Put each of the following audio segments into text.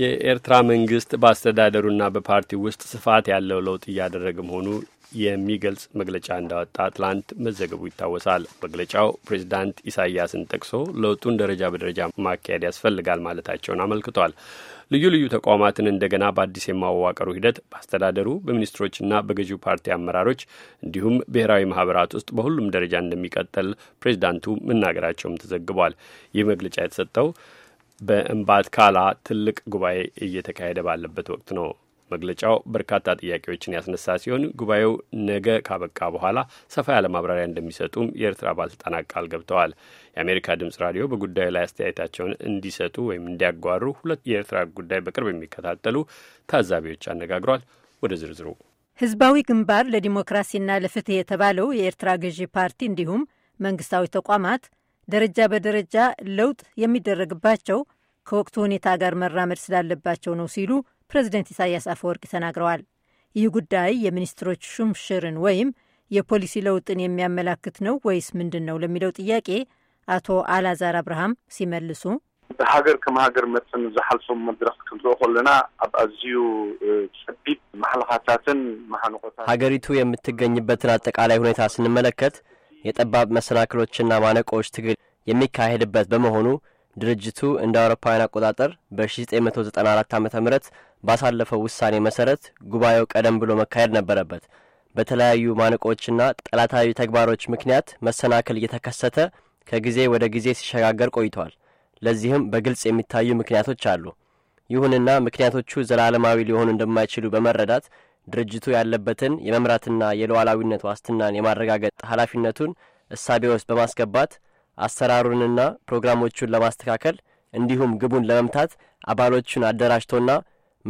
የኤርትራ መንግስት በአስተዳደሩና በፓርቲ ውስጥ ስፋት ያለው ለውጥ እያደረገ መሆኑ የሚገልጽ መግለጫ እንዳወጣ ትላንት መዘገቡ ይታወሳል። መግለጫው ፕሬዚዳንት ኢሳያስን ጠቅሶ ለውጡን ደረጃ በደረጃ ማካሄድ ያስፈልጋል ማለታቸውን አመልክቷል። ልዩ ልዩ ተቋማትን እንደገና በአዲስ የማዋቀሩ ሂደት በአስተዳደሩ በሚኒስትሮችና በገዢው ፓርቲ አመራሮች እንዲሁም ብሔራዊ ማህበራት ውስጥ በሁሉም ደረጃ እንደሚቀጥል ፕሬዚዳንቱ መናገራቸውም ተዘግቧል። ይህ መግለጫ የተሰጠው በእምባት ካላ ትልቅ ጉባኤ እየተካሄደ ባለበት ወቅት ነው። መግለጫው በርካታ ጥያቄዎችን ያስነሳ ሲሆን ጉባኤው ነገ ካበቃ በኋላ ሰፋ ያለ ማብራሪያ እንደሚሰጡም የኤርትራ ባለስልጣናት ቃል ገብተዋል። የአሜሪካ ድምጽ ራዲዮ በጉዳዩ ላይ አስተያየታቸውን እንዲሰጡ ወይም እንዲያጓሩ ሁለት የኤርትራ ጉዳይ በቅርብ የሚከታተሉ ታዛቢዎች አነጋግሯል። ወደ ዝርዝሩ ህዝባዊ ግንባር ለዲሞክራሲና ለፍትህ የተባለው የኤርትራ ገዢ ፓርቲ እንዲሁም መንግስታዊ ተቋማት ደረጃ በደረጃ ለውጥ የሚደረግባቸው ከወቅቱ ሁኔታ ጋር መራመድ ስላለባቸው ነው ሲሉ ፕሬዚደንት ኢሳያስ አፈወርቅ ተናግረዋል። ይህ ጉዳይ የሚኒስትሮች ሹምሽርን ወይም የፖሊሲ ለውጥን የሚያመላክት ነው ወይስ ምንድን ነው ለሚለው ጥያቄ አቶ አላዛር አብርሃም ሲመልሱ ብሃገር ከም ሃገር መፅን መድረክ ክንርኢ ከለና ኣብ ኣዝዩ ፀቢብ ማሕለኻታትን ማሓንቆታት ሀገሪቱ የምትገኝበትን አጠቃላይ ሁኔታ ስንመለከት የጠባብ መሰናክሎችና ማነቆዎች ትግል የሚካሄድበት በመሆኑ ድርጅቱ እንደ አውሮፓውያን አቆጣጠር በ1994 ዓ ም ባሳለፈው ውሳኔ መሰረት ጉባኤው ቀደም ብሎ መካሄድ ነበረበት። በተለያዩ ማነቆችና ጠላታዊ ተግባሮች ምክንያት መሰናክል እየተከሰተ ከጊዜ ወደ ጊዜ ሲሸጋገር ቆይቷል። ለዚህም በግልጽ የሚታዩ ምክንያቶች አሉ። ይሁንና ምክንያቶቹ ዘላለማዊ ሊሆኑ እንደማይችሉ በመረዳት ድርጅቱ ያለበትን የመምራትና የሉዓላዊነት ዋስትናን የማረጋገጥ ኃላፊነቱን እሳቤ ውስጥ በማስገባት አሰራሩንና ፕሮግራሞቹን ለማስተካከል እንዲሁም ግቡን ለመምታት አባሎቹን አደራጅቶና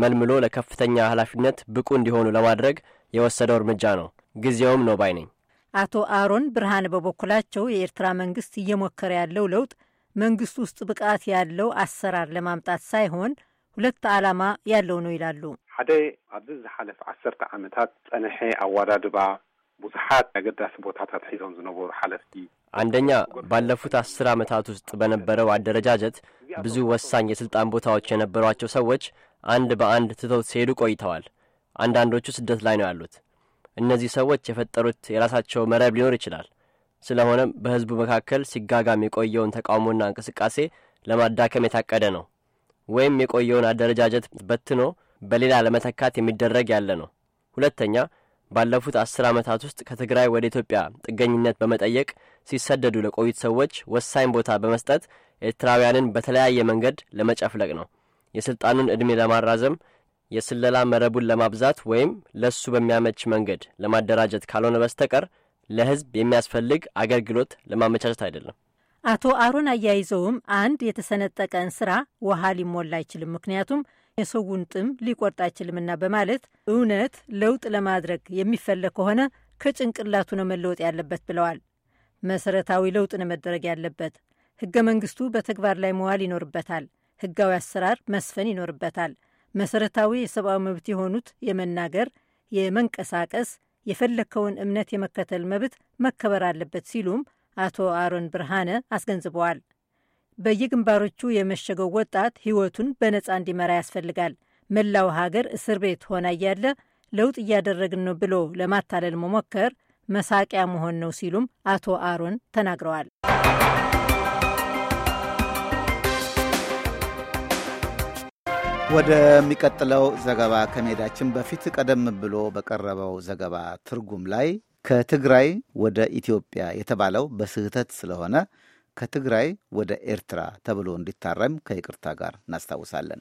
መልምሎ ለከፍተኛ ኃላፊነት ብቁ እንዲሆኑ ለማድረግ የወሰደው እርምጃ ነው። ጊዜውም ነው ባይ ነኝ። አቶ አሮን ብርሃን በበኩላቸው የኤርትራ መንግስት እየሞከረ ያለው ለውጥ መንግስት ውስጥ ብቃት ያለው አሰራር ለማምጣት ሳይሆን ሁለት ዓላማ ያለው ነው ይላሉ። ሓደ ኣብዚ ዝሓለፈ ዓሰርተ ዓመታት ፀንሐ ኣዋዳድባ ብዙሓት ኣገዳሲ ቦታታት ሒዞም ዝነበሩ ሓለፍቲ አንደኛ ባለፉት አስር ዓመታት ውስጥ በነበረው አደረጃጀት ብዙ ወሳኝ የሥልጣን ቦታዎች የነበሯቸው ሰዎች አንድ በአንድ ትተውት ሲሄዱ ቆይተዋል። አንዳንዶቹ ስደት ላይ ነው ያሉት። እነዚህ ሰዎች የፈጠሩት የራሳቸው መረብ ሊኖር ይችላል። ስለሆነም በሕዝቡ መካከል ሲጋጋም የቆየውን ተቃውሞና እንቅስቃሴ ለማዳከም የታቀደ ነው፣ ወይም የቆየውን አደረጃጀት በትኖ በሌላ ለመተካት የሚደረግ ያለ ነው። ሁለተኛ ባለፉት አስር ዓመታት ውስጥ ከትግራይ ወደ ኢትዮጵያ ጥገኝነት በመጠየቅ ሲሰደዱ ለቆዩት ሰዎች ወሳኝ ቦታ በመስጠት ኤርትራውያንን በተለያየ መንገድ ለመጨፍለቅ ነው። የሥልጣኑን ዕድሜ ለማራዘም፣ የስለላ መረቡን ለማብዛት ወይም ለእሱ በሚያመች መንገድ ለማደራጀት ካልሆነ በስተቀር ለሕዝብ የሚያስፈልግ አገልግሎት ለማመቻቸት አይደለም። አቶ አሮን አያይዘውም አንድ የተሰነጠቀን ስራ ውሃ ሊሞላ አይችልም፣ ምክንያቱም የሰውን ጥም ሊቆርጥ አይችልምና በማለት እውነት ለውጥ ለማድረግ የሚፈለግ ከሆነ ከጭንቅላቱ ነው መለወጥ ያለበት ብለዋል። መሰረታዊ ለውጥ ነው መደረግ ያለበት። ህገ መንግስቱ በተግባር ላይ መዋል ይኖርበታል። ህጋዊ አሰራር መስፈን ይኖርበታል። መሰረታዊ የሰብአዊ መብት የሆኑት የመናገር፣ የመንቀሳቀስ፣ የፈለግከውን እምነት የመከተል መብት መከበር አለበት ሲሉም አቶ አሮን ብርሃነ አስገንዝበዋል። በየግንባሮቹ የመሸገው ወጣት ህይወቱን በነፃ እንዲመራ ያስፈልጋል። መላው ሀገር እስር ቤት ሆና እያለ ለውጥ እያደረግን ነው ብሎ ለማታለል መሞከር መሳቂያ መሆን ነው ሲሉም አቶ አሮን ተናግረዋል። ወደሚቀጥለው ዘገባ ከመሄዳችን በፊት ቀደም ብሎ በቀረበው ዘገባ ትርጉም ላይ ከትግራይ ወደ ኢትዮጵያ የተባለው በስህተት ስለሆነ ከትግራይ ወደ ኤርትራ ተብሎ እንዲታረም ከይቅርታ ጋር እናስታውሳለን።